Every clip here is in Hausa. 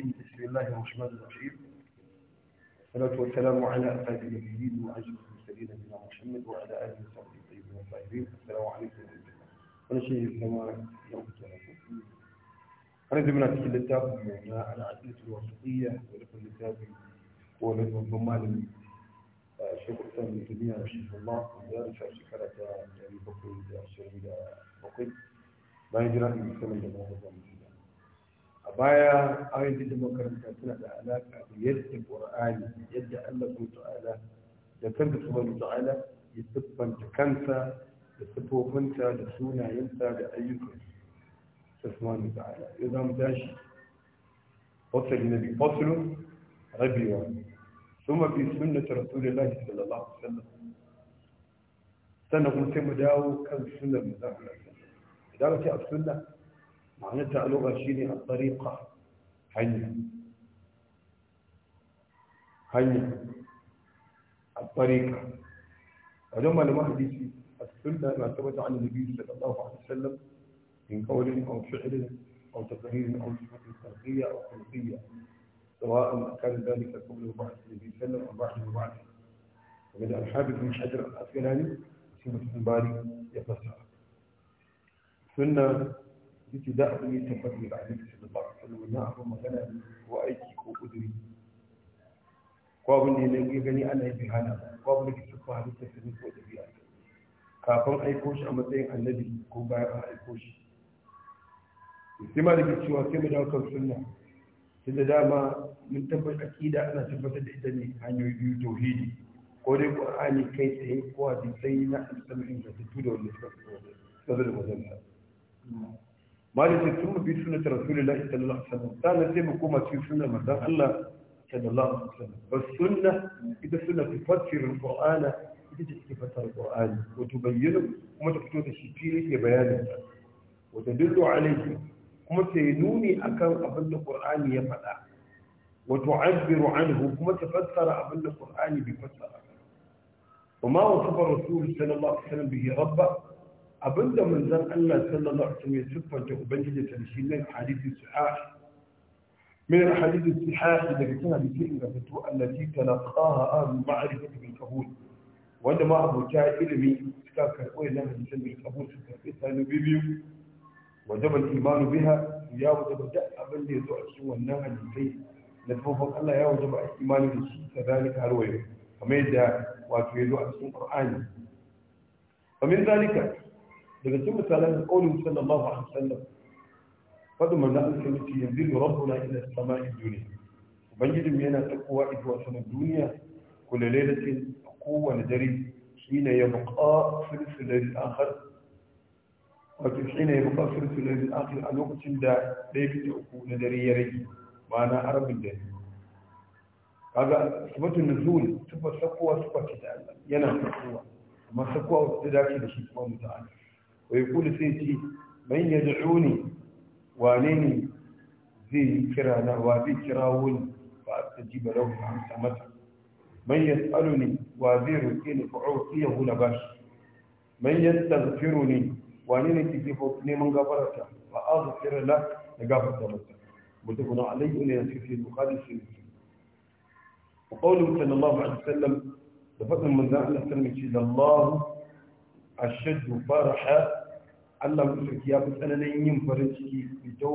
الرجيم بسم الله الرحمن الرحيم والصلاة والسلام على أسعد النبيين وعجل المرسلين نبينا محمد وعلى آله وصحبه الطيبين الطاهرين السلام عليكم ورحمة الله وأنا شيخ زمان يوم التلاقي أنا زمنا في الكتاب مولانا العدلة الوثقية ولكن الكتاب هو منظومة الشيخ الإسلام ابن تيمية رحمه الله وزارة شكرة بقي بكر الشريف بقي ما يجرى في السنة a baya ayoyin da makaranta suna da alaƙa da yadda ƙur'ani yadda Allah ta'ala da kanka subhanahu ta'ala ya siffanta kansa da siffofinta da sunayensa da ayyukansa subhanahu ta'ala ya zama tashi fasali na biyu fasalu rabewa ثم في سنة sallallahu alaihi صلى الله sannan kuma sai mu dawo kan sunan mu zaɓi idan ka ce a sunna معناتها لغة شيني الطريقة هنيا هنيا الطريقة علوم المحدث السنة ما ثبت عن النبي صلى الله عليه وسلم من قول أو فعل أو تقرير أو صفة خلقية أو خلقية سواء كان ذلك قبل وبعد النبي صلى الله عليه وسلم أو بعد وبعد ومن أصحاب ابن حجر الأسقلاني سيرة باري يفسر سنة yace za a iya tabbatar da annabi ba su wasallam na abin magana ne ko aiki ko kuduri ko abin da ya gani ana yi bihana ko abin da ke fa halitta su ne ko dabi'a kafin aiko shi a matsayin annabi ko bayan an aiko shi sai ma da ke cewa sai mu dawo kan sunna tun da dama mun tabbata aqida ana tabbatar da ita ne hanyoyi biyu tauhidi ko dai qur'ani kai tsaye ko hadisai na annabi da su wasallam da wanda suka fito da wajen sa مالك ثم في سنة رسول الله صلى الله عليه وسلم كان سيما كما في سنة مثلا الله صلى الله عليه وسلم والسنة إذا سنة تفسر القرآن إذا تفسر القرآن وتبينه وما تكتوت الشكيل يبيانه وتدل عليه كما تينوني أكام أبن القرآن يفعل وتعبر عنه كما تفسر أبن القرآن بفسر وما وصف الرسول صلى الله عليه وسلم به ربه abinda manzon Allah sallallahu alaihi wasallam ya siffanta ubangiji ta shi nan hadisi sahih min hadisi sahih ke cikin hadisi da fito allati talaqaha an ma'rifati bil qabul wanda ma abuta ilimi suka karbo yana hadisin bil qabul su karɓi sanu biyu wajaba imanu biha ya wajaba da abinda da yazo a cikin wannan hadisi da tsofaffin Allah ya wajaba imani da shi ta zalika har wayo kamar yadda wato yazo a cikin Qur'ani ومن ذلك لنتم سلام قول صلى الله عليه وسلم فدم الناس التي ينزل ربنا الى السماء الدنيا وبنجد من تقوى ادوى سنة الدنيا كل ليلة قوة ندري حين يبقى ثلث الليل الاخر ولكن حين يبقى ثلث الليل الاخر ان يقتل دا ليك تقوى ندري يري معنى عرب الدين هذا صفة النزول صفة سقوة صفة تتعلم ينام سقوة ما سقوة تدعي لشيء سبحانه وتعالى ويقول سيتي من يدعوني وانني زي كرانا وابي كراون فأستجيب له عن سمت من يسألني وابي ركين فأعطيه نباش من يستغفرني وانني تكفوتني من غفرته وأغفر لك لغفرت سمت متفق عليه أن يسكت البخاري في وقوله صلى الله عليه وسلم لفظ من ذا الله الله أشد فرحا Allah musulki ya fi tsananin yin farin ciki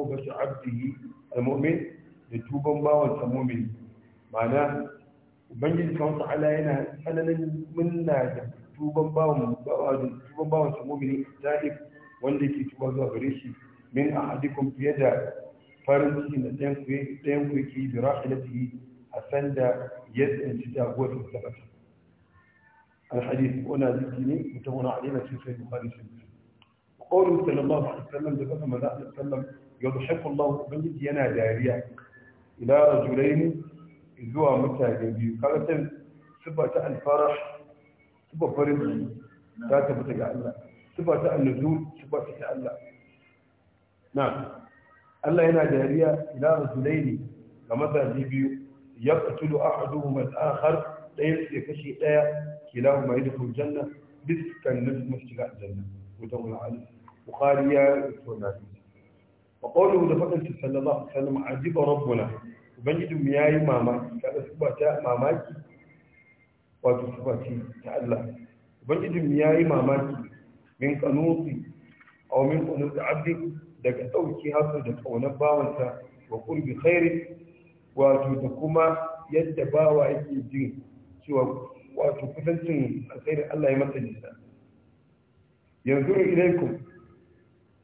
da shi abdihi al-mu'min da tuban bawan sa mu'min ma'ana ubangiji kan ala yana tsananin minna da tuban bawan bawan tuban bawan sa mu'min zahib wanda yake tuba zuwa gare shi min ahadikum fiye da farin ciki da ɗayan ku ɗayan ku yake bi rahilatihi a sanda ya tsinci da sa al-hadith wannan zikini mutum wani alima cikin sai bukhari sai قول صلى الله عليه وسلم ده كما ده وسلم يضحك الله من ديانا داريا الى رجلين ذو متاجين بي قالت سبت الفرح سبت فرد ذات بتجع الله سبت النزول سبت الله نعم ألا هنا داريا الى رجلين كما ذا يقتل احدهما الاخر ليس كشيء لا كلاهما يدخل الجنه بس كان نفس مشجع الجنه وتقول عليه bukhari ya rubuta na wa qawluhu da fadan shi sallallahu alaihi wasallam ajiba rabbuna ubangiji mu yayi mamaki kada su ba mamaki wato su ba ta Allah ubangiji mu yayi mamaki min qanuti aw min qanuti abdi daga dauki hasu da kaunar bawansa wa qurbi wato da kuma yadda bawa yake jin cewa wato Allah ya masa nisa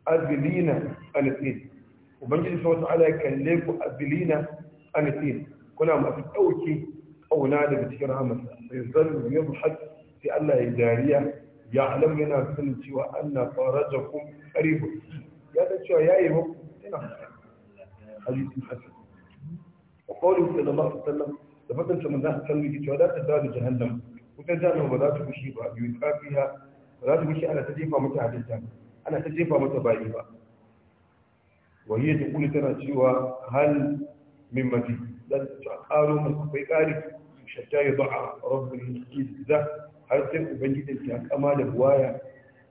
أبلينا الاثنين وبنجل سوى على يكلمك أبلينا الاثنين كنا في أوكي أو نادي بتكرها مثلا يظل يضحك في الله إدارية يعلم لنا سوى أن فرجكم قريب يا تشوى يا إيهو هنا حديث حسن وقوله صلى الله عليه وسلم لفتن سمنا سنوي كي تشوى لا تزال جهنم وتزال وبلاتك شيء بعد يدفع فيها ولاتك شيء أنا تجيب ومتعدد ana ta jefa mata bayi ba wahiyar da kuli tana cewa hal min mafi zan ta karo masu kai kari shatta ya ba'a rabbul izza har sai ubangijin ta kama da buwaya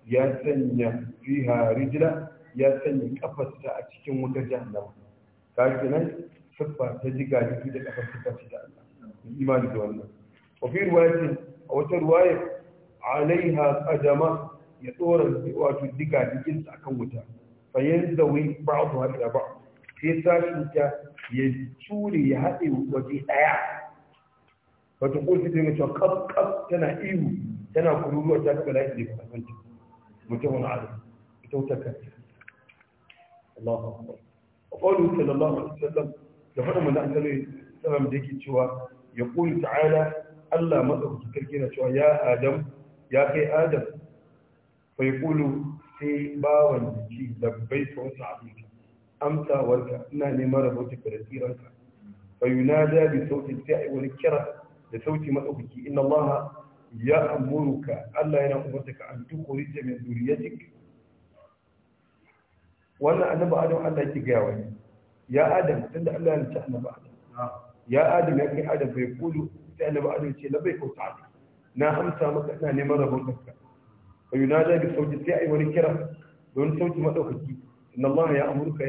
ya sanya fiha rijla ya sanya kafarta a cikin wutar jahannama kaji nan siffa ta jiga jiki da kafar ta Allah imani da wannan wa fi riwayatin a wata riwaya alaiha qadama ya tsora wato diga jikin sa akan wuta fayin da wai ba su haɗe da ba sai ta wuta ya cure ya haɗe waje daya wato ko su ta yi mace kaf tana ihu tana kuma ta kaga laifin da ya kasance mutum wani adam ita wuta kanta Allah ba ba ƙwaru ta lallahu alaihi sallam da faɗin mana an kalli sallam da yake cewa ya ƙuli ta'ala Allah matsa ku ta kirkira cewa ya Adam ya kai Adam فيقول سي باوان يجي لبيك وسعديك أمسى ولك إنا نمر بوتك رسيرك فينادى بصوت الداعي والكرة لصوت مدعوك إن الله يأمرك ألا ينأمرك أن تخرج من ذريتك wannan annabi adam Allah yake gaya wa ya adam tunda Allah ya ce annabi adam ya adam ya kai adam bai kulu sai annabi adam ce labai ko ta'ala na amsa maka ina neman rabon kanka fa yunada bi sauti sai ai wani kira don sauti madaukaki inna Allah ya amurka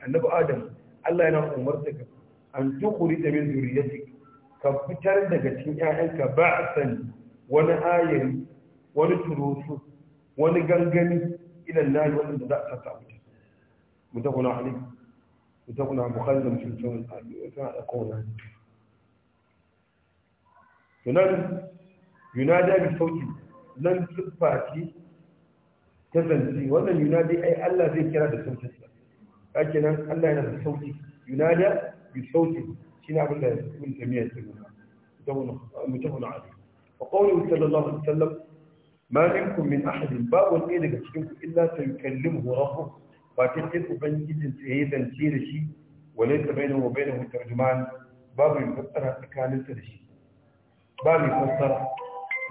annabi Adam Allah yana umartaka an tukhrija min zurriyyatik ka fitar daga cikin ƴaƴanka ba'san wani ayari wani turusu wani gangami idan na yi wanda za a sata wuta mutakuna ali mutakuna bukhari da musulman al'adu suna da kowane yunada bi sauti nan siffa ce ta zanci wannan yunadi ai Allah zai kira da sautinsa sa kake nan Allah yana da sauti yunada bi sauti shine abin da ibn tamiya ce nuna dawna ali wa qawluhu sallallahu alaihi wasallam ma minkum min ahad babu wani daga cikin ku illa sayukallimuhu rabbuh ba ta ce ubangijin sa yayi zance da shi walaysa bainahu wa bainahu tarjuman babu fassara tsakaninsa da shi ba mai fassara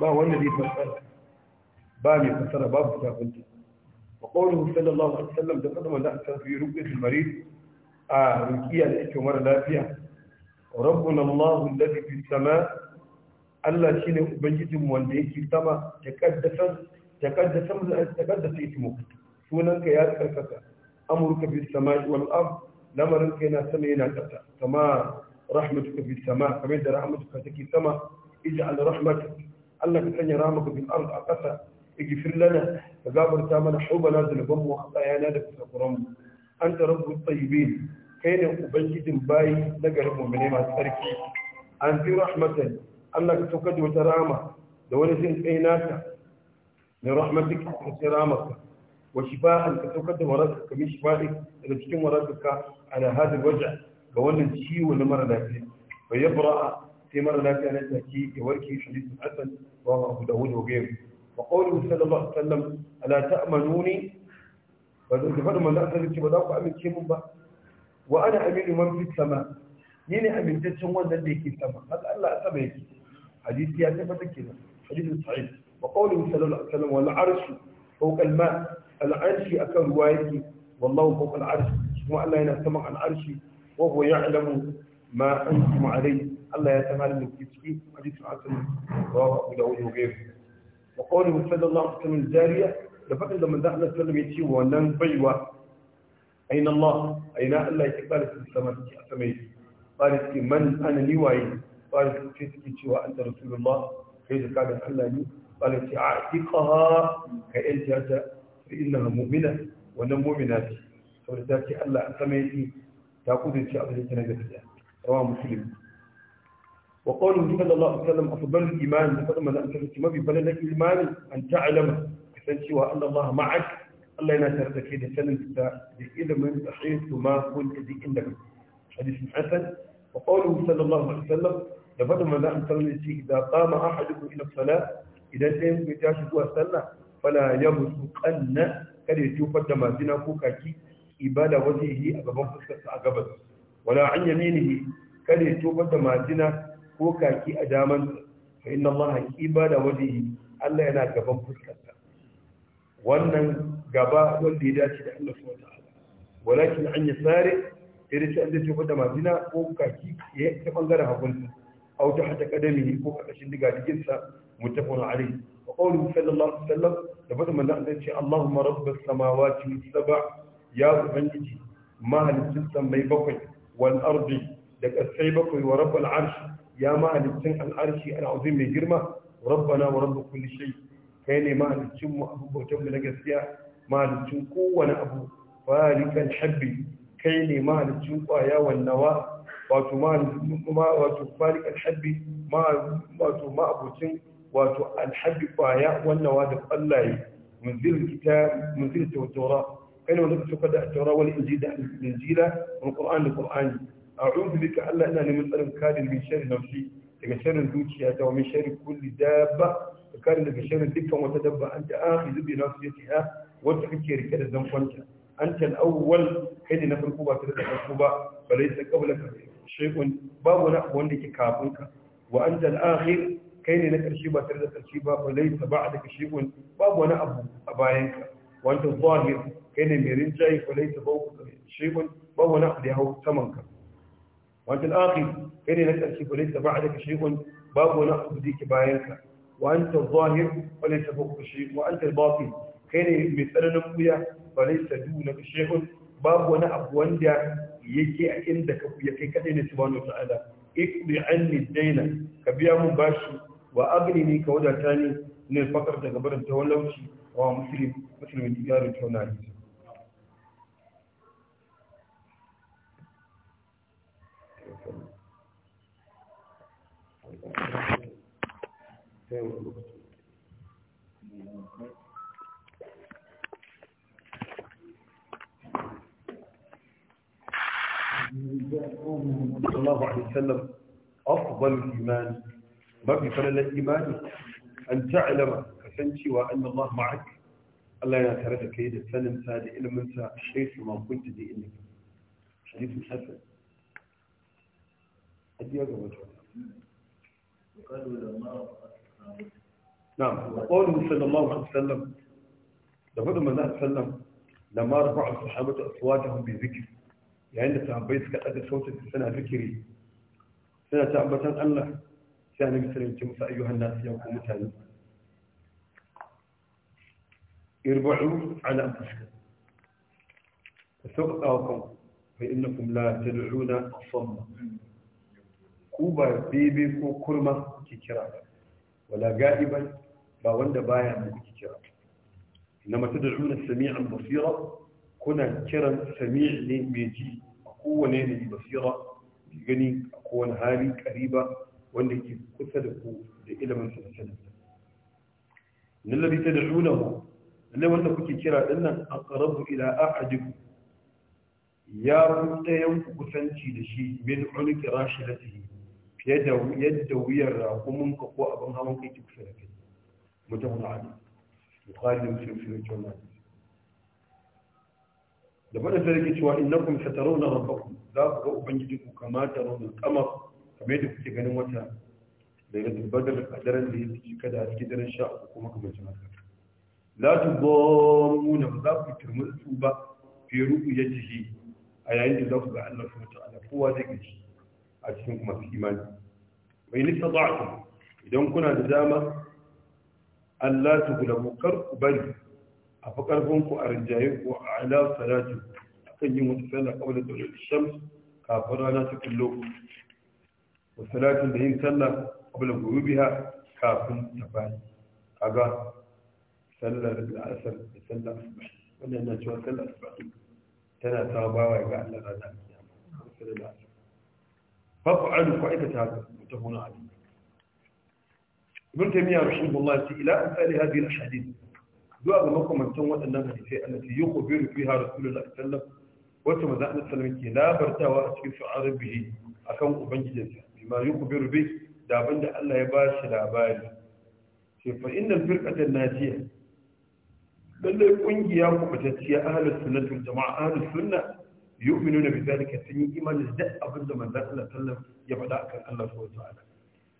ba wanda zai fassara ba mai fasara babu tafinta wa qawluhu sallallahu alaihi wasallam da kada manzo ta fi ruqyatul marid a ruqiya da ake mara lafiya rabbuna allah alladhi fis samaa Allah shine ubangijin wanda yake sama ta kaddasa ta kaddasa ta kaddasa ismu sunanka ya tsarkaka amurka fis samaa wal ard lamarinka yana sama yana kasa kama rahmatuka fis samaa kamar da rahmatuka take sama ij'al rahmatak Allah ka sanya rahmatuka fil ard a kasa اغفر لنا فغفر تامنا حبنا ذنوبنا وخطايانا دكتورنا أنت رب الطيبين كين أبجد باي نقرب من ما تركي أنت رحمة أنك تكد وترامة دولة أيناك لرحمتك وترامك وشفاء أنك تكد مرضك من شفائك إذا تكون على هذا الوجع فولا تشي ولا مرة لك فيبرأ في مرة لا كانت تحكي يوركي حديث الحسن رواه أبو داود وغيره وقوله صلى الله عليه وسلم ألا تأمنوني فذلك من ذاك أسألك وذلك أمن كيمون با وأنا أمين من في السماء مين يعني أمين تشوان الذي في السماء هذا الله يكي حديث يا كده حديث صحيح وقوله صلى الله عليه وسلم والعرش فوق الماء العرش أكبر وايتي والله فوق العرش هو الله ينسمع العرش وهو يعلم ما أنتم عليه الله يتمالك في حديث حسن رواه أبو داود وغيره wa qawluhu sallallahu alaihi jariya da fadin da manzo Allah sallallahu alaihi wasallam ya ce wannan baiwa aina Allah aina Allah yake kare su sama suke a sama yake kare suke man ana waye kare suke suke cewa anta rasulullah kai da kadan Allah ne kare ce a iqaha ka yanta ta mu'mina wannan mu'mina ce saboda ta ce Allah a sama ta kudurce abin ta na gaskiya rawa musulunci. وقوله صلى الله عليه وسلم أفضل الإيمان بقدم لا أنت ما ببلد الإيمان أن تعلم سوى وأن الله معك الله ينسر تكيد سنن إذا من تحيث ما كنت ذي إنك حديث حسن وقوله صلى الله عليه وسلم لفضل أن أنت إذا قام أحدكم إلى الصلاة إذا سيهم يتعشدوا وسلم فلا أن كان يتوفد ما زنا كوكاكي إبادة وجهه أقبان فسكة أقبان ولا عن يمينه كان يتوفد ما زنا ko kaki a daman fa inna Allah haqiba da wajhi Allah yana gaban fuskarsa wannan gaba wanda ya dace da Allah subhanahu wataala walakin an yasari irin shi an dace ko da madina ko kaki ya ta bangaren hagunsa aw ta hata kadami ko kashin diga jikin sa muttafaqun a wa qawluhu sallallahu alaihi wasallam da fadin manzo Allah ce Allahumma rabbas samawati sab'a ya ubangiji mahalicin sammai bakwai wal ardi da kasai bakwai wa rabbal arshi ya mahalicin al'arshi al'azim mai girma rabbana wa rabbu kulli shay kai ne mahalicin mu abu mu na gaskiya mahalicin kowane abu farikan habbi kai ne mahalicin kwaya wannawa wato mahalicin wato farikan habbi wato ma'abucin wato alhabbi kwaya wannawa da kwallaye munzil kitab munzil tawtara kai ne wanda suka da tawra wal injila wal qur'an da qur'ani a'udhu bika Allah ina neman tsarin kadin min sharri nafsi daga sharrin zuciya ta wa min kulli dabba da kadin daga sharrin dukkan wata dabba anta akhidhu bi nafsiyatiha wata kake rike da zankwanta anta al kai ne na farko ba tare da farko ba balaysa qablaka shay'un babu wani abu wanda yake kafin ka wa anta al kai ne na karshe ba tare da ba wani abu a bayan ka wa anta kai ne hau saman ka وأنت الآخر كان نسألك وليس بعدك شيء باب ونأخذك باينك وأنت الظاهر وليس فوقك شيء وأنت الباطن كان مثلا نبويا وليس دونك شيء باب ونأخذ وندع يجي عندك ويكي كأين سبحانه وتعالى اقضي عني الدين كبيع مباشر وأغنني كودا تاني من الفقر تقبل التولوشي ومسلم مسلم التجارة تونالي الله عليه وسلم أفضل الإيمان ما في فلل الإيمان أن تعلم كسنتي وأن الله معك الله يا ترى كيد سننسى لإلمنسى شيء ما كنت دي إنك حديث حسن أديها قبل نعم وقوله صلى الله عليه وسلم لقد من الله سلم لما رفع الصحابة أصواتهم بذكر يعني أنت تعبيت كأدى صوت السنة ذكري سنة تعبتا الله سنة مثل يتمس أيها الناس يوم مثالي اربعوا على أنفسكم فسقطاكم فإنكم لا تدعون الصم ku ba bebe ko kurma kuke kira ba wala ga'iban ba wanda baya mu kuke kira inna ma tad'una sami'an basira kuna kiran sami' ne mai ji a kowane ne basira gani a kowane hali kariba wanda ke kusa da ku da ilimin sa sanin nan labi tad'unahu lalle wanda kuke kira dinnan aqrabu ila ahadikum ya fi ɗayan kusanci da shi min ulki rashidatihi yadda wuyar raƙumin ka ko abin hawan kai ki kusa da kai mutum ali bukhari da muslim sun yi wannan da bada sarki cewa innakum satarawna rabbakum za ku ga ubangiji ku kama tarawna kama kamar yadda kuke ganin wata daga ya tabbatar a daren da ya fi kada a cikin daren sha uku kuma kamar jama'a la tudammuna ba za ku su ba fi ru'yatihi a yayin da za ku ga Allah subhanahu wa ta'ala kowa zai gaji a cikin kuma su imani mai nista za'atun idan kuna da dama allah ta gulabu kar ku bari a fi ku a rinjaye ku a ala salatu akan yin wata sallah kawai da tsoron shams kafin rana ta kullo wa salatun da yin sallah kawai da gobe biya kafin ta bayi kaga sallar al'asar da sallar asuba wannan yana cewa sallar asuba tana ta bawa ga allah rana a kiyama fafa'alu ku aikata haka mutahuna hadith ibn rashin rahimahullah ta ila an amsali hadhihi al-ahadith zuwa ga makamantan waɗannan hadisai allati yukhbiru fiha rasulullahi sallallahu alaihi wasallam wacce manzo Allah sallallahu ke labartawa a cikin su su'arar bihi akan ubangijinsa bima yukhbiru bi da abinda Allah ya ba shi labari sai fa innal firqatan najiya Lallai, kungiya ku batacciya ahlus sunnah wal jamaa ahlus sunnah yu'minuna bi zalika sun yi imani da abin da manzon Allah sallallahu ya faɗa akan Allah subhanahu wa ta'ala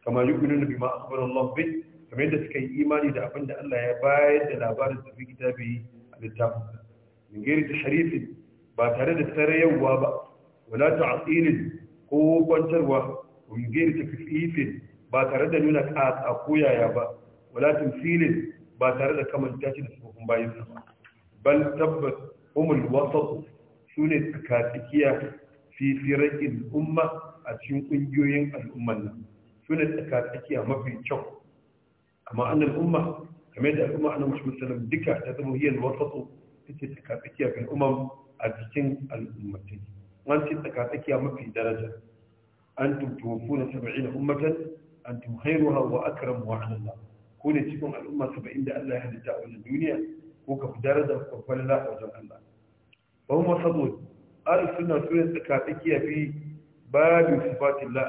kama yu'minuna bima akhbara Allah bi kamar yadda suka yi imani da abin da Allah ya bayar da labarin su fi kitabi a littafin min gairi tashrifin ba tare da tarayawa ba wala ta'tilin ko kwantarwa min gairi takfifin ba tare da nuna ƙasa ko yaya ba wala tamsilin ba tare da kamanta shi da tsofaffin bayan sa ba bal tabbas humul wasatu su ne tsakatsakiya fi firakin umma a cikin ƙungiyoyin al'umman nan su ne tsakatsakiya mafi kyau amma annan umma kamar da al'umma annan Muhammad sallallahu duka ta zama hiyar su take tsakatsakiya fil umam a cikin al'ummatai an ce tsakatsakiya mafi daraja an tuwafuna 70 ummatan an tumhairuha wa akramuha ala Allah ko ne cikin al'umma saba'in da Allah ya halitta a wannan duniya ko ka fi daraja ko falala a wajen Allah ba mu sabo ahli sunna su ne tsaka ya fi babu sifatin la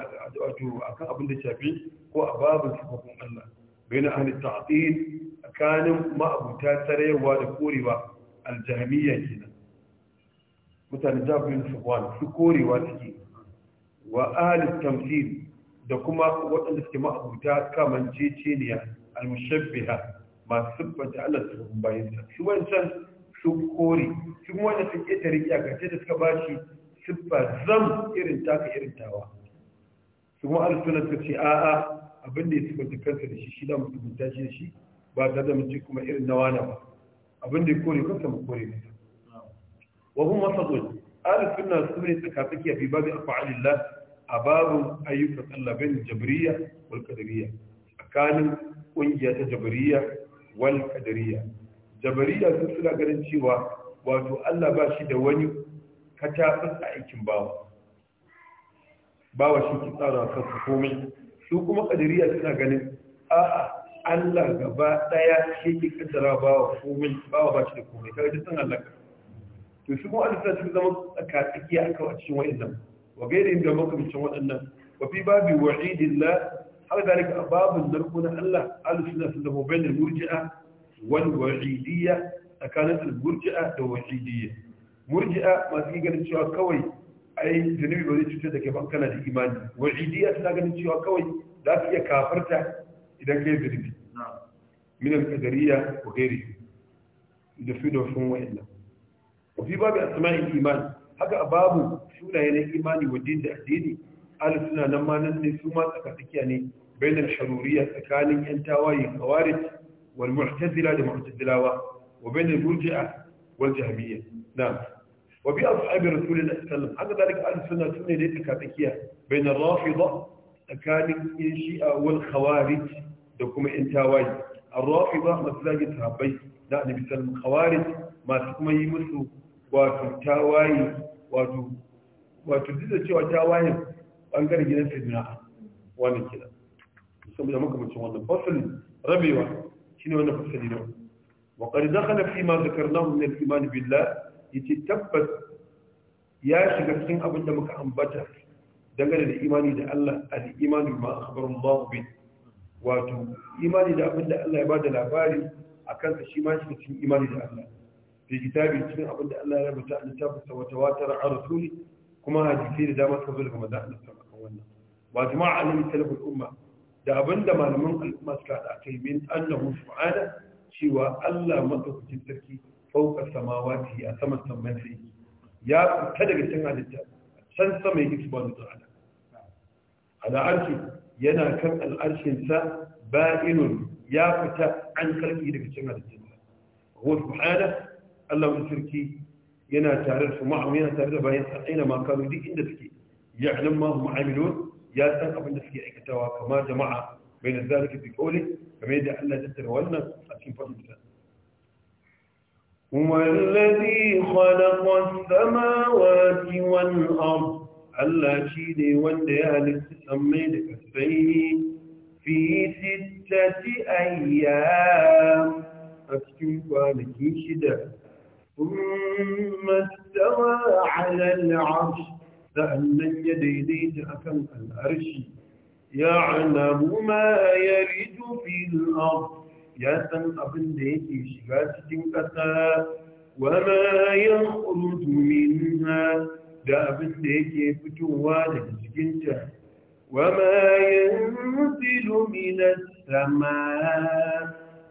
a kan abin da shafi ko a babu sifatin Allah bai na ahli ta'til tsakanin ma'abuta tarewa da korewa aljahmiya kenan mutane bin sufwan su korewa suke wa ahli tamthil da kuma waɗanda suke ma'abuta kamanceceniya al-mushabbiha masu siffanta Allah su bayyana su shi wancan sun kore shi kuma wanda sun ƙetare iyakance da suka ba shi siffa zam irin taka irin tawa Sun kuma alisuna suka ce a'a abin da ya sifanta kansa da shi shi da ta shi da shi ba ta zama ce kuma irin na wana ba abin da ya kore kansa mu kore masa wa kuma masadun alisuna su ne suka tsakiya fi babu afa'alillah a babun ayyukan Allah bin wal qadariyya tsakanin kungiya ta jabriya wal qadariyya jabariya sun suna ganin cewa wato Allah ba shi da wani katabin a aikin bawa bawa shi ki tsara kansa komai su kuma kadiriya suna ganin a'a Allah gaba daya shi ki kaddara bawa komai bawa ba shi da komai kaga duk san Allah to su kuma Allah sun zama tsakatsakiya aka a cikin wa'annan wa gairin da makamcin waɗannan wa fi babi wa'idillah har da babu narko na Allah alusuna sun zama bainal murji'a wal wa'idiyya tsakanin da wa'idiyya murji'a masu ganin cewa kawai ai zunubi ba zai cutar da kai ba kana da imani wa'idiyya tana ganin cewa kawai za ka iya kafarta idan kai zunubi min al-qadariyya wa da su da sun wa'annan fi babu asma'il imani haka babu sunaye na imani wa da addini al suna nan ma nan ne su ma ne bainal sharuriya tsakanin yan tawaye kawarij والمعتزلة لمعتزلة وبين المرجئة والجهمية نعم وبأصحاب رسول الله صلى الله عليه وسلم أن ذلك أهل السنة سنة ليس كاتكية بين الرافضة كان الشيعة والخوارج دكما إنتاوي الرافضة ما هابي لا نبي سلم الخوارج ما يمسو وتتاوي وتتاواي الشيء وتاوي تاواي وأنقر جنان بناء وانا كده saboda makamacin wannan ربي واحد shine wannan fasali na wa qad dakhala fi ma dhakarnahu min al-iman billah yace tabbas ya shiga cikin abin da muka ambata dangane da imani da Allah al-imanu ma akhbara Allah bi wato imani da abin da Allah ya bada labari akan sa shi ma shiga cikin imani da Allah fi kitabi cikin abin da Allah ya rubuta a littafinsa wa tawatar a rasuli kuma hadisi da dama suka zo daga manzon Allah sallallahu alaihi wasallam wa jama'a alim salafin umma da abin da malaman al'umma suka da kai min annahu subhana cewa Allah madaukakin sarki fauka samawati a saman saman sai ya fita daga cikin halitta san sama yake subhanahu ta'ala ala arshi yana kan al'arshin sa ba'inun ya fita an karki daga cikin halitta huwa subhana Allah mai sarki yana tare da su ma'am yana tare da bayan sa aina duk inda suke ya'lamu ma hum amilun يا سن أبن نسكي أيك توا كما جمع بين ذلك في قوله كما يدع أن لا تتر وأن أتين فضل بسان هو الذي خلق السماوات والأرض ألا شيد وندي أن تسميد كسبين في ستة أيام أكتم فالكي شدة ثم استوى على العرش فهمن يديديه أكم الأرش يعلم ما يريد في الأرض يا سن أبن ديكي شغاتي جنكتا وما يخرج منها دا أبن ديكي فتوالا جنكتا وما ينزل من السماء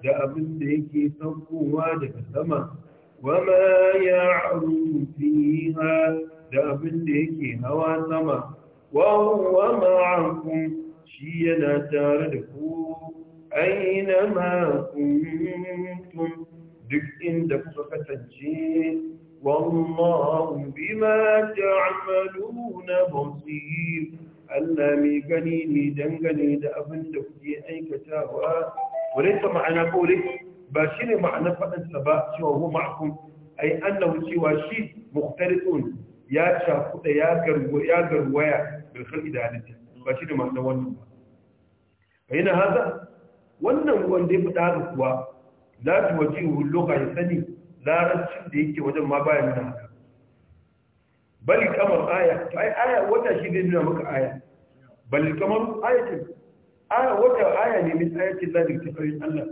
دا أبن ديكي فتوالا جنكتا وما يعرض فيها da abin da yake hawa sama wahuwa ma'akun shi yana tare da ku aina ma'akuntum duk inda kuka kasance والله بما na بصير Allah mai gani ne dangane da abin da kuke aikatawa walaita ma'ana kore ba shi ne ma'ana faɗinsa ba cewa hu ma'akun ai annahu cewa shi mukhtalifun ya shafuɗa ya garwaya da kan idanunta ba shi da ma'ana wannan ba a ina haza wannan wanda ya fi ɗaga kuwa la ta waje hulloka ya sani larabcin da yake wajen ma baya nuna haka bali kamar aya ta ai aya wata shi zai nuna maka aya bali kamar ayatin aya wata aya ne min ayatin lalata karin allah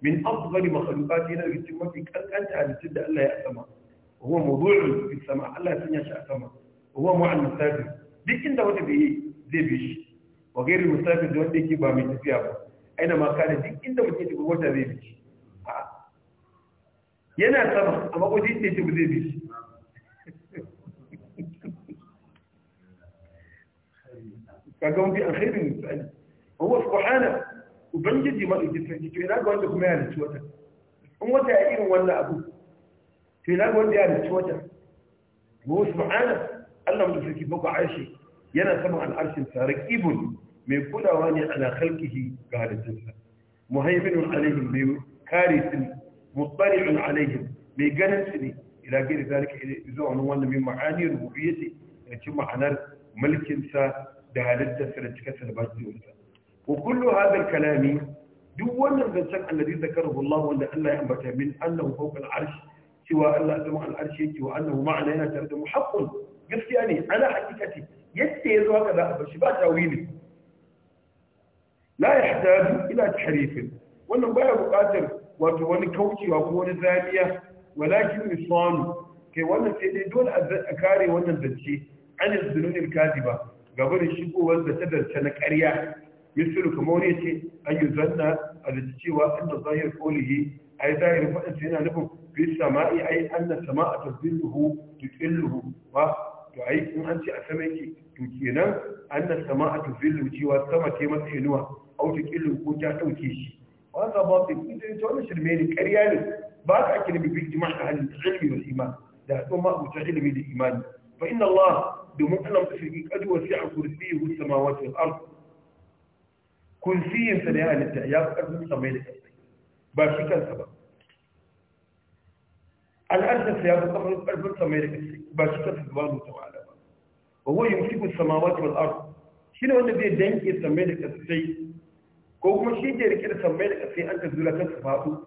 min afghari makhluqati na cikin mafi kankanta halittun da allah ya sama huwa mawdu'un fi sama Allah ya sanya shi a sama huwa mu'al musafir duk inda wanda bai zai bi shi wa da wanda yake ba mai tafiya ba aina ma kana duk inda mutum yake wata zai bi shi yana sama amma ko duk yake zai bi shi kaga wani an khairin misali huwa subhana ga wanda kuma wata irin wannan abu to ina ga wanda ya halicci wata wa subhana Allah mu sarki bako aishi yana saman al'arshin sa raqibun mai kulawa ne ala khalqihi ga halittunsa muhaiminun alaihim mai kare su ne mutsari'un alaihim mai ganin su ne ila gairi zalika zuwa wani wanda mai ma'ani rububiyyati da cin ma'anar mulkinsa da halittarsa da cikarsa da bajiyarsa wa kullu hadal kalami duk wannan zancen alladhi zakarahu Allah wanda Allah ya ambata min annahu fawqa al-arsh cewa Allah da mun al'arshi yake wa annahu ma'ana yana tare da mu haqqun gaskiya ne ala hakikati yadda ya zo haka za a bashi ba tawili la yahtaju ila tahrif wannan baya buƙatar wato wani kaucewa ko wani zamiya walakin misanu kai wannan sai dai dole a kare wannan zance an ba kadiba gaba da shigowar da ta darce na ƙarya misalu kamar yace an yi zanna a da cewa an zahir أي دائر فأنت هنا لكم في السماء أي أن السماء تبدله تقله وتعيد من أنت أسميك تكينا أن السماء تبدل وتي والسماء كما تحنوها أو تقل وكون جاءت وهذا باطل إذا أنت وانا شرميني كرياني بعد أكل بالجماعة عن العلم والإيمان ده هو ما متعل من الإيمان فإن الله بمؤلم تفكيك أدوى سعى كرسيه والسماوات والأرض كرسيه فليها للتعياق أرض السماء لك باشي كان سبب الأرض سيابقى من الأرض سميرك باشكة سبحانه وتعالى وهو يمسك السماوات والأرض شنو أنه بيه دنك سميرك السي كوكما شيء جارك سميرك السي أنت الزلكة سبحانه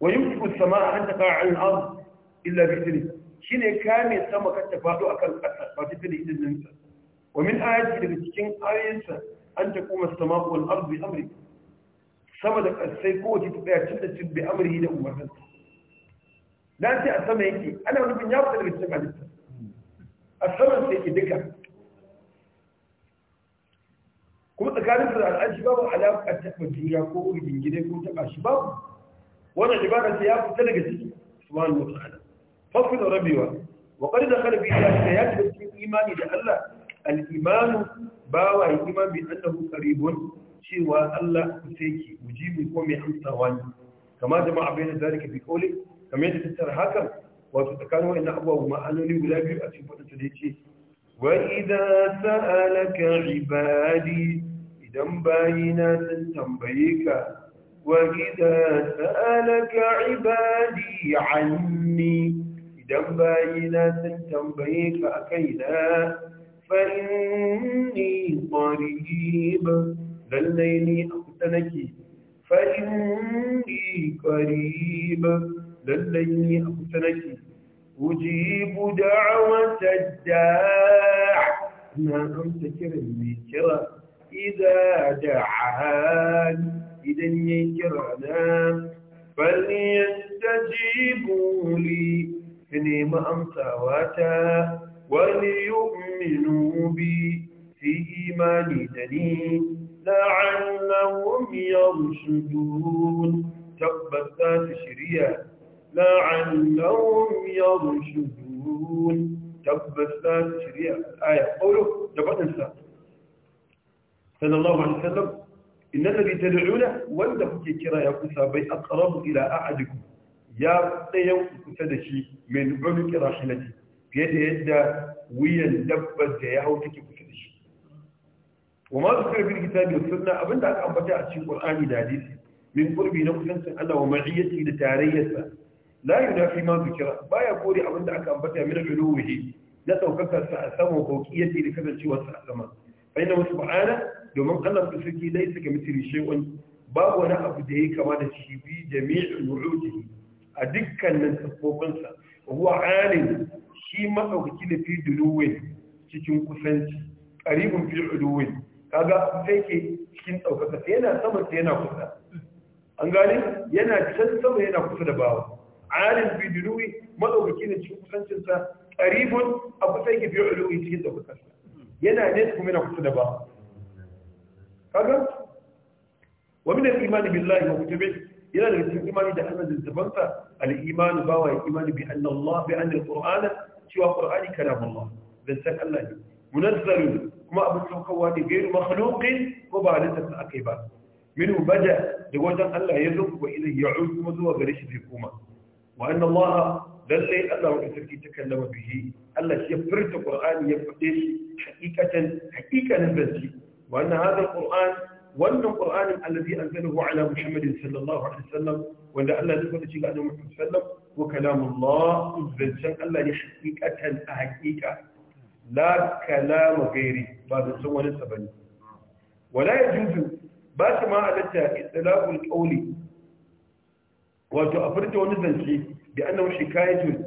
ويمسك السماء أنت قاع عن الأرض إلا بإذنه شنو كامل سما كتفاعله أكل أكثر ما فاتفني إذن ننسى ومن آيات اللي بتكين آيات أن تقوم السماء والأرض بأمره سما لك السيكوتي تبقى تبقى بأمره لأمه na ce a sama yake ana nufin ya fita daga cikin halitta a sama sai yake duka kuma tsakanin da al'ashi babu alaƙar taɓa juna ko gida, ko taɓa shi babu wannan ibada ta ya fita daga ciki su subhanahu wa ta'ala fafi da rabewa wa qad dakhala bi dhalika ya ta cikin imani da Allah al-imanu bawa iman bi annahu qaribun cewa Allah kusa yake mujibi ko mai amsawa ne kama jama'a bai bayyana zalika bi qawli kamar yadda tattar hakan wato tsakanin wa'in na abubuwa ma'anoni guda biyu a cikin faɗin da ya ce wa sa'alaka ibadi idan na sun tambaye ka wa idan sa'alaka ibadi anni idan na sun tambaye ka a kaina fa inni ba, lallai ni a kusa nake fa inni ba. لن يغفرك أجيب دعوة الداع ما أنت كرمي كرا إذا دعان إذا يكرنا فليستجيبوا لي فنيم أمسى واتا وليؤمنوا بي في إيمان دني لعلهم يرشدون تبثات شريات la’allon yawon shugurun tabbas na shirya aya ƙoro da faɗinsa. sallallahu alaihi wasallam innal ladhi wanda kuke kira ya kusa bai aqrabu ila a'adikum ya tsaya ku ta da shi min ummi fiye da yadda wiyan dabba da ya hauta ki kusa da shi wa ma zuka bil kitabi abinda aka ambata a cikin qur'ani da hadisi min qurbi na kusancin Allah wa ma'iyyati da tarayyarsa la yudafi ma zikira baya kore abin da aka ambata min uluhi na daukakar sa a saman fauqiyati da kasancewar sa a sama fa inna subhana domin Allah da sarki dai suka mitiri shay'un babu wani abu da yake kama da shi bi jami'ul wujuhi a dukkanin sabobin sa huwa alim shi ma madaukaki da fi duluwi cikin kusanci qaribun fi uluwi kaga sai ke cikin daukaka yana sama sai yana kusa an gane yana can sama yana kusa da bawa alim bi duluwi madaukaki ne cikin kusancinsa qaribun abu sai ki biyo uluwi cikin daukakarsa yana ne kuma yana kusa da ba kaga wa min al-iman billahi wa kutubihi yana daga cikin imani da Allah da zabansa al-iman ba wa imani bi anna bi anna al-qur'ana cewa qur'ani kalamullah dan san Allah ne munazzal kuma abin saukarwa ne gairu makhluqin ko ba da ba da wajen Allah ya zo wa ilayhi ya'ud kuma zuwa gare shi zai koma wa anna Allah lalle Allah wani sarki ta kallama bihi Allah shi ya furta Qur'ani ya fade shi hakikatan hakikanin zance wa anna hadha al-Qur'an wannan Qur'anin alladhi anzalahu ala Muhammad sallallahu alaihi wasallam wanda Allah ya fada shi ga Annabi sallam. sallallahu wa kalamullah zancen Allah ne hakikatan a hakika la kalama gairi ba da san wani sabani wala ya yajuzu ba ta ma alatta itlaqul ƙauli. wato a furta wani zance da annahu tun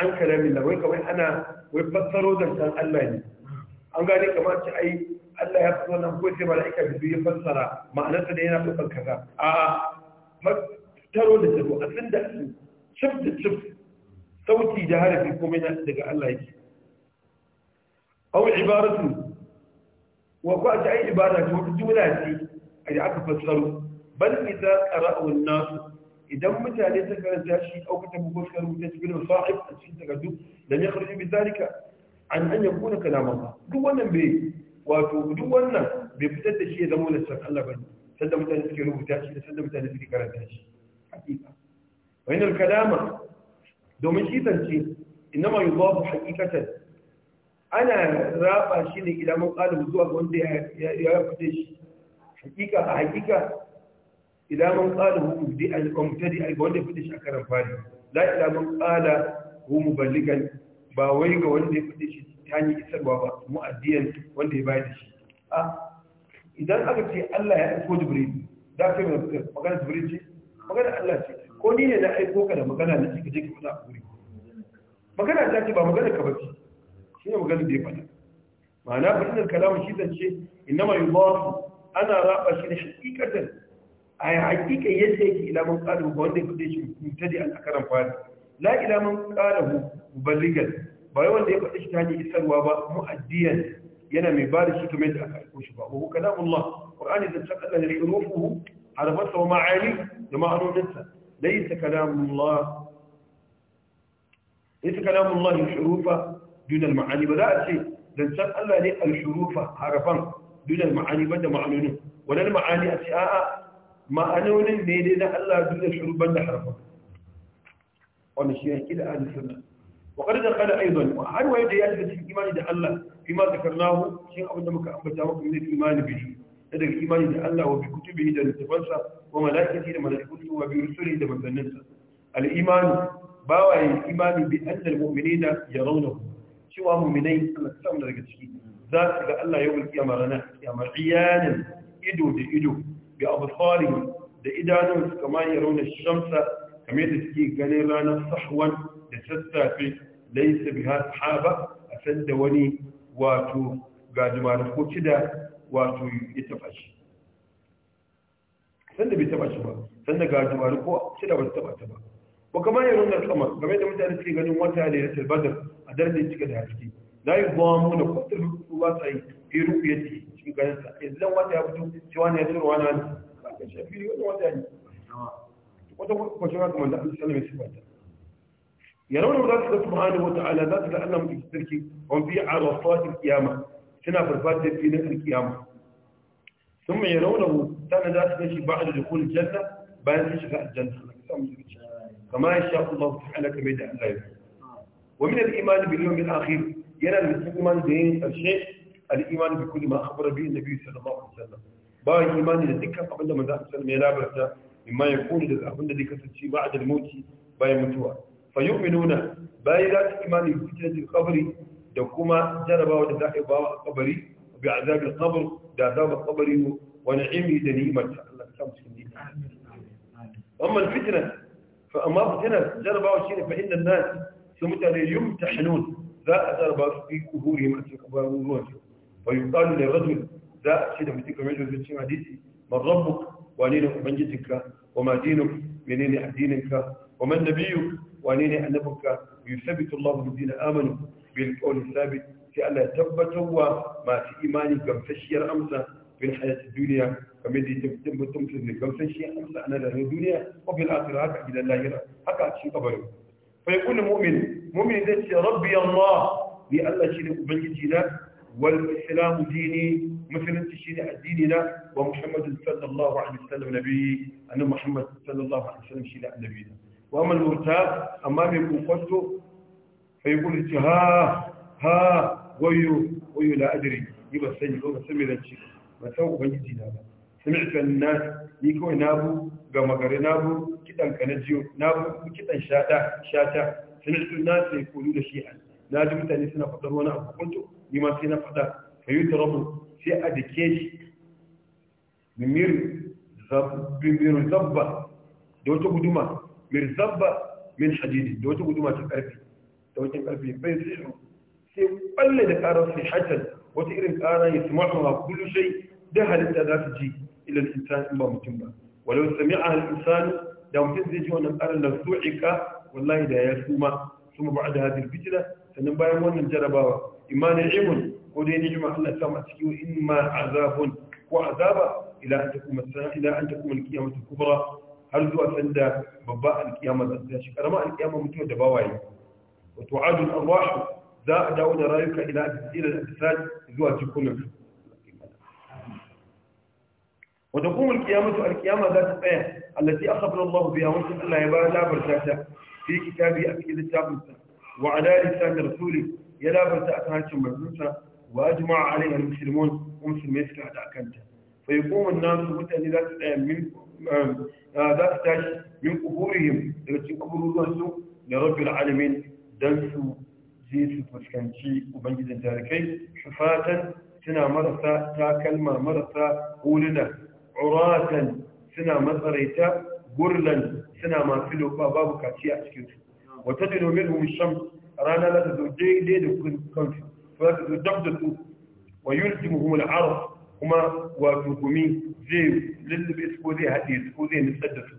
an kalamin wai kawai ana wai fassaro zancen Allah ne an gane kamar ce ai Allah ya fassara nan ko sai mala'ika biyu ya fassara ma'anarsa da yana dukkan kaza a fassaro da taro a tsinda su cif da cif sauti da harafi komai na daga Allah yake au ibaratu wa ku ta ai ibada ta wata jumla ce da aka fassaro bal idza qara'u an-nas إذا متى ليس فرز شيء أو كتب بوشكر متجبل صاحب الشيء تجده لن يخرج بذلك عن أن يكون كلام الله دون بي ودون بفتد الشيء إذا مولى سر الله بني سلم متى نسكر متجبل سلم متى نسكر كرز شيء حقيقة وإن الكلام دوم شيء تنسي إنما يضاف حقيقة أنا رأى شيء إلى من قال بزوج وندي يا يا فتش حقيقة حقيقة ila man qala hu mubdi'an wa mubtadi'an ga wanda ya fadi shi a karan fari la ila man qala hu muballigan ba wai ga wanda ya fadi shi ta ni isarwa ba mu'addiyan wanda ya bayar da shi a idan aka ce Allah ya aiko Jibril da kai magana Jibril ce magana Allah ce ko ni ne na aiko ka da magana na cikin jikin wani abu magana ta ce ba magana ka bace shi ne magana da ya faɗa ma'ana fadinar kalamun shi zance inna ma yubafu ana raba shi da shi hakikatan a hakika yadda yake ila man qala ba wanda yake shi mutadi an akaran fadi la ila man qala muballigan ba wanda ya faɗi shi ta hanyar isarwa ba mu'addiyan yana mai ba da shi kamar yadda aka aiko shi ba wa kalamullah qur'ani da saka da hurufuhu arafatsa wa ma'ani da ma'anoninsa laysa kalamullah laysa kalamullah shurufa dun al-ma'ani ba za a ce dan san Allah ne al-shurufa harafan dun al-ma'ani ba da ma'anonin wannan ma'ani a ce a'a ma'anonin ne dai na Allah duk da shurban da harfa Wani shi ya yake da ahli sunna wa qad dakhala aidan wa har wa yadda ya daga cikin imani da Allah fi ma zakarnahu shin abinda muka ambata muku ne imani Na daga imani da Allah wa bi kutubihi da littafansa wa malaikati da malaikatu wa bi rusulihi da manzanninsa al iman bawa yin imani bi anna ya mu'minina yarawnahu cewa mu'minai Allah ta daga ciki za su ga Allah yawon kiyama ranar kiyamar iyanin ido da ido bi absari da idanun su kamar ya shamsa kamar da suke ganin ranar sahwan da sassafe laisa biha sahaba a san da wani wato gajimare ko kida wato ya taba shi sanda bai taba shi ba sanda gajimare ko kida ba taba ta ba wa kamar ya rauna game da mutane suke ganin wata da ya talbadar a daren da cika da haske la yi ba mu da kwatar ba sa yi iru ya ce يرون ذلك سبحانه وتعالى ذات لأنهم في السلك هم في عرفات القيامة سنة فرفات في نهر القيامة ثم يرونه كان ذات نشي بعد دخول الجنة بعد شفاء الجنة كما يشاء الله سبحانه كما يدعى الله ومن الإيمان باليوم الاخير يرى المسلمان بين الشيخ al-iman bi kulli ma akhbara bihi nabi sallallahu alaihi wasallam ba imani da dukkan abin da manzo sallallahu alaihi wasallam ya labarta imma ya kuni da abin da zai kasance ba'da al-mauti bayan mutuwa fa yu'minuna bayan za su imani bi fitnatil qabri da kuma jarabawa da za a yi bawa a qabri bi azabil qabr da za azabul qabri wani ni'imi da ni'imata Allah ta samu cikin amma al fa amma fitna jarabawa shine fa inna an-nas su mutane yumtahinun za a zarba su fi kuhuri masu ruwan ruwansu ويقال للرجل ذا أشيد متك رجل في الشيء حديثي من ربك وأنين أبنجتك وما دينك منين دينك ومن نبيك وأنين أنبك يثبت الله الذين آمنوا بالقول الثابت في تبت هو ما في إيماني كم تشير أمسا في الحياة الدنيا كم يدي تبتم تمسد كم تشير أمسا أنا لها الدنيا وفي الآخر هكا إلى الله يرى هكا أشي قبله فيقول المؤمن مؤمن ذات ربي الله لألا شيء أبنجتنا والإسلام ديني مثل تشيني الديننا ومحمد صلى الله عليه وسلم نبي أن محمد صلى الله عليه وسلم شيني نبينا وأما المرتاب أمامي قوته فيقول ها ها ويو ويو لا أدري يبقى سيد الله سمي لنشي ما سوء بنجي سمعت الناس يكون نابو قام نابو كتا كنجيو نابو كتا شاتا شاتا سمعت الناس يقولون شيئا نادم تاني سنة فضل وانا أبو قلت ni ma sai na fada fa yi turabu sai a dake shi bimir zabba da wata guduma mir zabba min hadidi da wata guduma ta karfi da wata karfi bai sai sai balle da karar sai hatan wata irin kara ya sama'a kullu shay da halitta za su ji ila al-insan in ba mutum ba walau sami'a al-insan da mutum zai ji wannan karar da su'ika wallahi da ya suma suma ba'da hadhihi al-fitna sannan bayan wannan jarabawa إما نعيم قولي نجمع الله سامعتك إما عذاب وعذاب إلى أن تكون السنة إلى أن تكون الكيامة الكبرى هل ذو أفندى بباء الكيامة الزاشك أرماء القيامة متوى دباوعي وتعاد الأرواح ذا داون رايك إلى تسجيل الأجساد ذو أجكم وتقوم القيامة القيامة ذات الآية التي أخبر الله بها وانسل الله يبقى لا برشاشة في كتابه أكيد الشعب وعلى لسان رسوله ya labarta akan hancin manzonsa wa a alaiha almuslimun kuma musulmai suka hada akanta fa yaqumu an-nasu mutane za su tsaya min um, uh, za su tashi min kuburihim daga cikin kubururuwan su da rabbil alamin dan su je su fuskanci ubangijin tarikai shufatan suna marasa takalma marasa ulina uratan suna matsaraita gurlan suna masu lofa babu kaciya a cikin su wata da domin rumun shams rana za ta zo daidai da Ko za ta zo dab da su wa yulzimuhum da arab kuma wato gumi zai lullube su ko zai haɗe su ko zai nutsar da su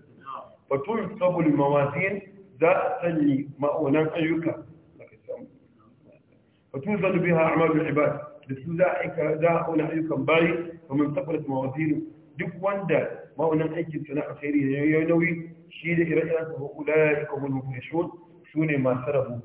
fa tun sabul mawazin za a sanyi ma'aunan ayyuka fa tun zalu biha a'malul ibad da su za a za a auna ayyukan bayi fa man tafarat mawazin duk wanda ma'aunan aikin sana a sayri ya nauyi shi da ire-iren sa ko ulai ka hulu fishun ne masu rabu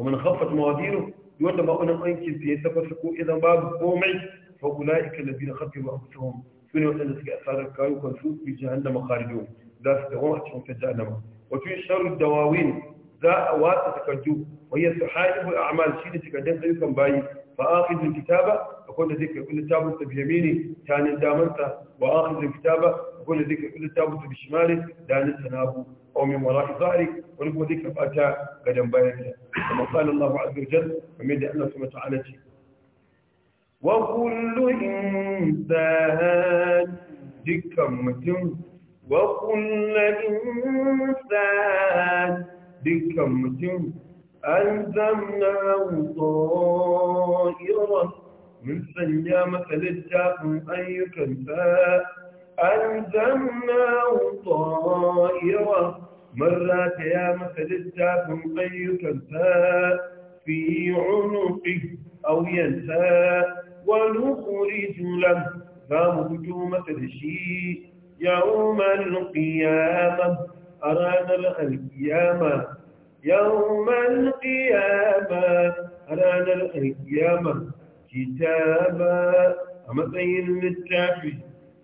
ومن خفت موازينه يوضع بأنا أنكي في يتبسكوا إذا باب قومي فأولئك الذين خفروا أنفسهم سنة وأن تلك أسعاد الكايو كنسوا في جهنم خالدون ذا ستوام أتشهم في جهنم وفي شر الدواوين ذا أوات تكجو وهي سحائب الأعمال شين تكجن أيضا باي فآخذ الكتابة أقول لذلك كل تابوت بيميني تاني دامنته وآخذ الكتابة أقول لذلك كل تابوت بشماله دانتنا أبوه أو من وراء ظهرك ولكم ذكر فأتى قد بيانك كما قال الله عز وجل ومن الله سبحانه وتعالى وكل إنسان ذكا متن وكل إنسان ذكا متن ألزمنا طائرة من سنيا مثل الجاء أيكا فاء ألزمناه طائرة مرات يا مثل مثلتا أن يكنسى في عنقه أو ينسى ونخرج له مثل شيء يوم القيامة أرانا القيامة يوم القيامة أرانا القيامة كتابا أما زين للتافي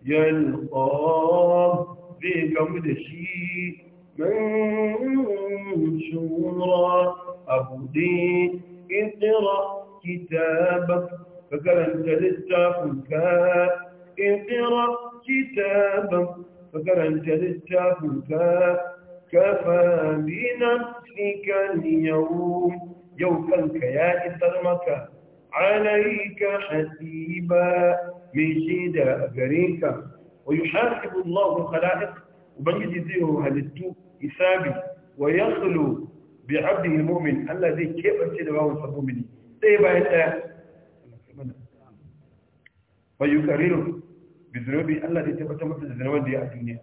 يلقاه zai gamu da shi manshura a buɗe ƙirƙira kitaba ka karanta littafinka ƙirƙira kitaba ka karanta littafinka kafa bina fikan yau yau kanka ya isar maka alaika hasiba من جيدة غريكة ويحاسب الله خلائق وبنجد ذيه هالتو إثابي ويخلو بعبده المؤمن الذي كيف أنسل وهو صبو مني طيب أنت فيكرره بذنوبه الذي تبقى تمثل الزنوان دي الدنيا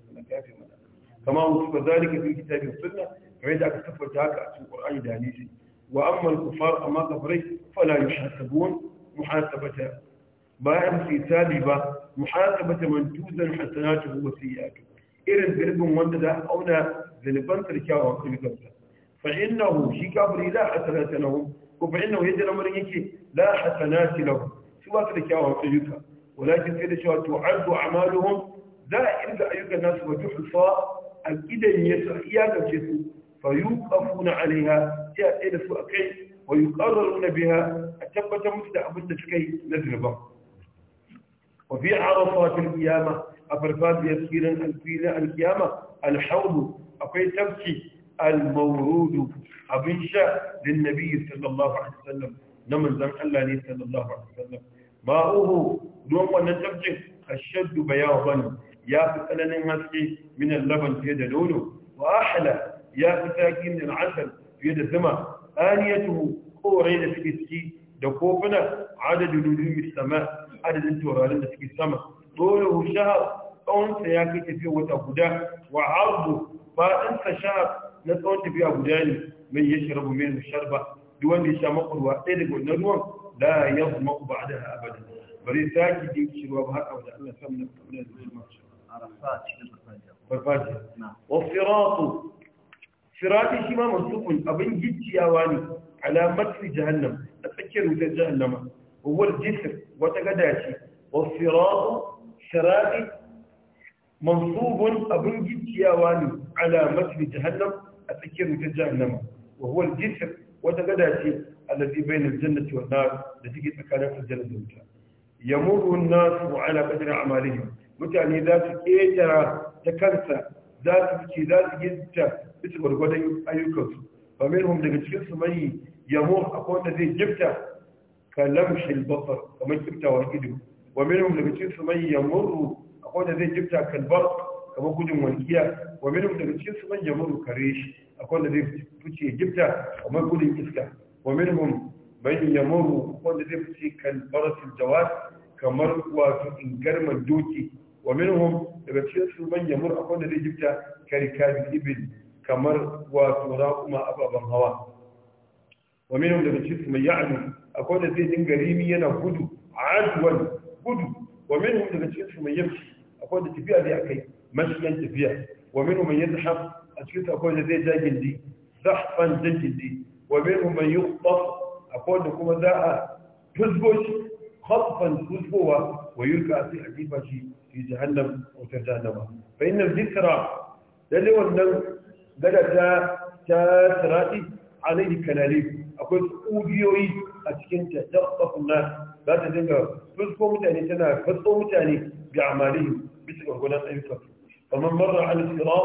كما وصف ذلك في كتاب السنة فإذا أكتفر تهاك أسوء القرآن دانيسي وأما الكفار أما كفري فلا يحاسبون محاسبة bayan su tabi ba mu muhasabata man tuzan hasanatu wa sayyi'atu irin zirbin wanda za a auna zaliban sarkiyawa ayyukansa fa innahu shi kafiri la hasanata lahu ko fa innahu yadda lamarin yake la hasanati lahu su ba su da kyawawan ayyuka walakin sai da cewa tu'addu a'maluhum za a irga ayyukan nasu wa tuhsa a gidan yasa iyakance su fa a a da su kai فيوقفون عليها جاء إلى سوء كي ويقررون بها أتبت مفتع أبدا na نذنبه وفي عرفات القيامة أفرفات يسير الفيل القيامة الحوض أقول تبكي المورود أبنشا للنبي صلى الله عليه وسلم نمن زن الله صلى الله عليه وسلم ماؤه نوم ونتبجي الشد بياضا يا فتنن هسكي من اللبن في يد لولو وأحلى يا فتاكي من العسل في يد الزمى آنيته هو رين في الاسكي دكوفنا عدد نجوم السماء adadin taurarin da suke sama dole hu shahar tsawonsa ya kai tafiya wata guda wa ardu faɗinsa shahar na tsawon tafiya guda ne mai ya shirabu mai sharba duk wanda ya sha makulwa ɗaya daga wannan ruwan la ya zama ba a da abada bari sake jin kishirwa ba haka wanda Allah samu na kamar da zuwa masu cikin farfajiya wa siratu sirati shi ma masukun abin gicciyawa ne alamatin jahannam a tsakiyar wutar jahannama huwa jisr wata gada ce wa siratu sirati mansubun abin gicciyawa ne ala masjid jahannam a tsakiyar wutar jahannama wa huwa jisr wata gada ce allazi bayna aljannati wan nar da take tsakanin aljanna da wuta yamuru an-nasu ala qadri a'malihim mutane za su ƙetara ta kansa za su za su gita bisa gwargwadon ayyukansu ba daga cikin su yamo a zai jifta kalamshil basar kamar kiftawar ido wa minhum daga cikin su man yamurru akwai wanda zai kifta kalbar kamar gudun walkiya wa minhum daga cikin man yamurru kare shi akwai wanda zai fice gifta kamar gudun iska wa minhum man yamurru wanda zai fice kalbaratul jawad kamar wato ingarman doki wa minhum daga cikin man yamurru akwai wanda zai gifta kamar wato ababen hawa daga akwai da zai dinga rimi yana gudu a aduwan gudu wa minhum daga cikin su mai yamshi akwai da tafiya zai akai mashiyan tafiya wa mai man yadhhab a cikin akwai da zai ja gindi zahfan jan gindi wa minhum man yuqtaf akwai da kuma za a fusgo shi khafan fusgowa wa yurka sai a jifa shi fi jahannam wutar jahannama fa inna dhikra lalle wannan gada ta ta sirati alaihi kanali akwai ƙugiyoyi a cikin ta dabbafin na za ta dinga fusko mutane tana fatso mutane bi amalihim bisa ga gudan ayyukan kamar marra an sira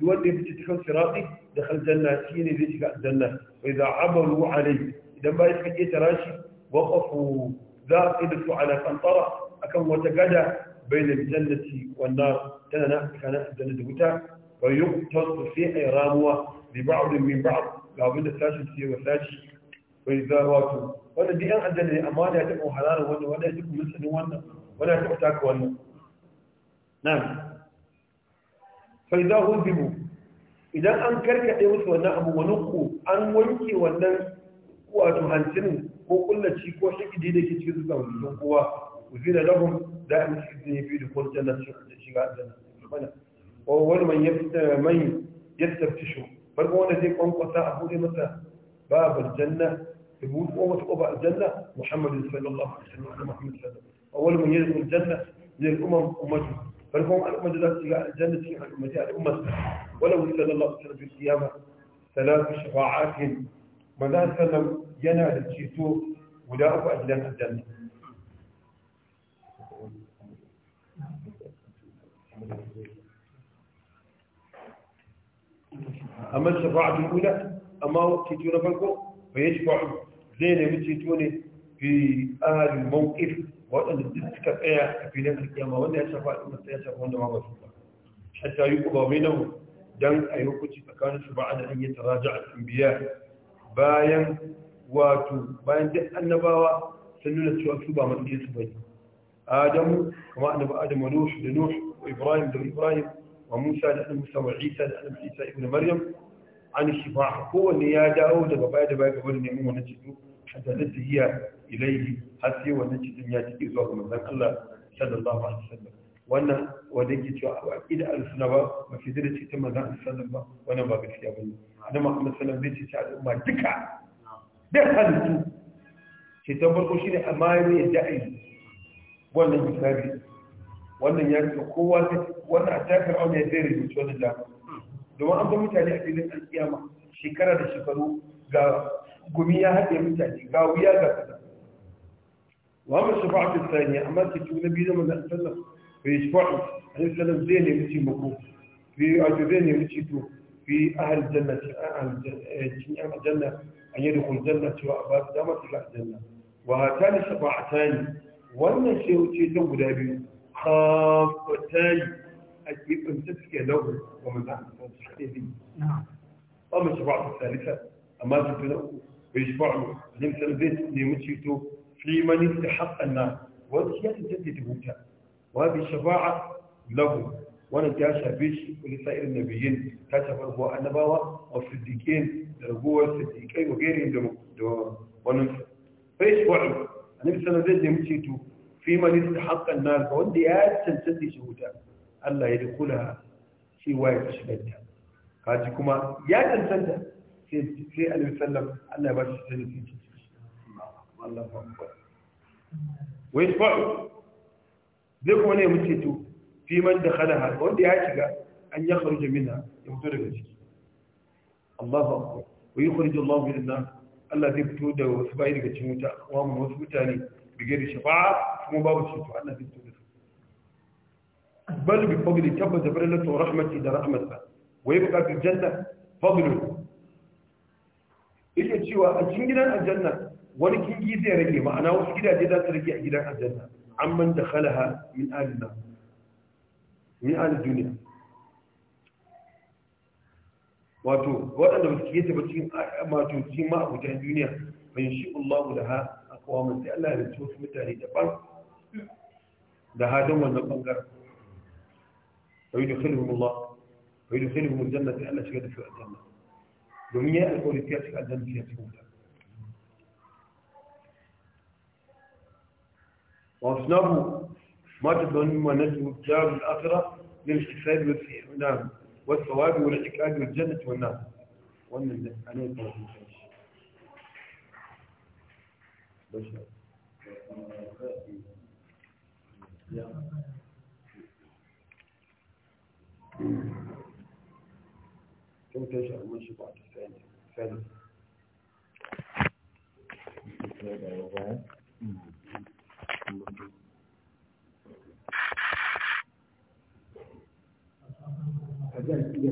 duk wanda ya fice cikin sirati da aljanna shi ne zai shiga aljanna wa idza abaru alai idan ba suka keta rashi waqafu za su da su ala qantara akan wata gada بين الجنة والنار كان كان الجنة وتا ويقتص في راموة لبعض من بعض لابد الثاشي في والثاشي وإذا واتوا wanda duk yan aljanna ne amma da ya taɓa halarar wannan wanda ya taɓa musulun wannan wanda ya taɓa taka wannan nan faida huzibu idan an karkaɗe musu wannan abu wani ku an wanke wannan wato hancin ko kullaci ko shigidi da ke cikin zuwa wajen kowa uzina lahum da an cikin ne biyu da kuma jannar shiga aljanna subhana wa wani man yadda man yastaftishu farko wanda zai kwankwasa a buɗe masa babu janna يقول وما تقبع الجنة محمد صلى الله عليه وسلم أنا محمد صلى الله عليه وسلم أول من يدخل الجنة هي الأمم أمته فالأمم الأمة لا تجعل الجنة تجعل أمتي على أمته ولو صلى الله عليه وسلم في القيامة ثلاث شفاعات دام سلم ينال الجيتو ولا أبو أجلان الجنة أما الشفاعة الأولى أما وقت يجون فالكم فيشفعوا zai nemi ceto ne fi ahalin mawqif waɗanda duk suka tsaya a filin alkiyama wanda ya shafa wanda ya shafa wanda ma ba su ba hatta yi kuma mai nahu dan a yi hukunci tsakanin su ba a da an yi taraja al'ambiya bayan wato bayan duk annabawa sun nuna cewa su ba matsayin su bane adamu kama annabi adamu nuhu da nuhu ibrahim da ibrahim وموسى لأن موسى وعيسى لأن Isa, ابن Maryam. an shifa kowanne ya dawo daga baya da baya gaba da neman wannan ceto hatta da tahiya ilaihi har sai wannan ceton ya cike zuwa ga manzon Allah sallallahu alaihi wasallam wannan wanda yake cewa a aqida al-sunna ba ba fi da ceton manzon Allah sallallahu ba wannan ba gaskiya bane annabi Muhammad sallallahu alaihi wasallam zai ce al'umma duka da halittu ceton farko shine amma ne da'i wannan hisabi wannan ya ce kowa wannan a takar auna ya zai rubuta wannan da domin an ga mutane a filin alkiyama shekara da shekaru ga gumi ya haɗe mutane ga wuya ga kaza wa amma shafa'atu tsaniya amma ta ci na biyu da na sallam fa yi a yi sallam zai nemi ci mako fi wato zai nemi ci to fi ahal janna a yan aljanna an yi dukkan janna cewa a ba su damar shiga aljanna wa hata ne shafa'ata ne wannan ce ta guda biyu khafatani a keɓance suke lauyi wa manzan da su ke bi amma shi ba'a salisa amma su fi na uku bai shi ba'a alim salbet nemi ceto flimani da haƙƙan na wasu ya tantance ta huta wa bi shafa'a lahu wannan ta shafe shi kulli sa'irin nabiyyin ta shafar ko annabawa wa siddiqin da ragowar siddiqai wa gairin da da wannan sai shi ba'a annabi sallallahu alaihi wasallam zai nemi ceto fi man istahaqqa an-nar wanda ya tantance shi huta Allah ya dukula cewa ya shigar ta kaji kuma ya cancanta sai alaihi sallam Allah ya ba shi sanin sai Allah ba. wai fa'u zai kuma ne mutu to fi man dakhalaha wanda ya shiga an ya kharuja minha ya fito daga ciki Allahu akbar wa yukhrij Allahu min an Allah zai fito da wasu bayi daga cikin wuta wa wasu mutane bige da shafa'a kuma babu ceto Allah zai fito bal bi fadli tabbata fadlatu wa rahmati da rahmatsa wai buƙatar janna fadlu yake cewa a cikin gidan aljanna wani kingi zai rage ma'ana wasu gidaje za su rage a gidan aljanna amman da khalaha min alina duniya wato waɗanda ba su kiyata ba cikin mato cikin ma'abutan duniya bayan shi Allah da ha a kawamin Allah wasu mutane daban da hadin wannan ويدخلهم الله ويدخلهم الجنة ألا شكد في الجنة دنيا القول فيها في الجنة فيها الجنة وأصنعوا ما تظنون ونسوا الدار الآخرة للحساب والسيئ والثواب والعكاد والجنة والنار وأن أنا أتوقع بشر Yeah. temptation ló ṣe pàtó fẹ́ni fẹ́ni. Again, yeah.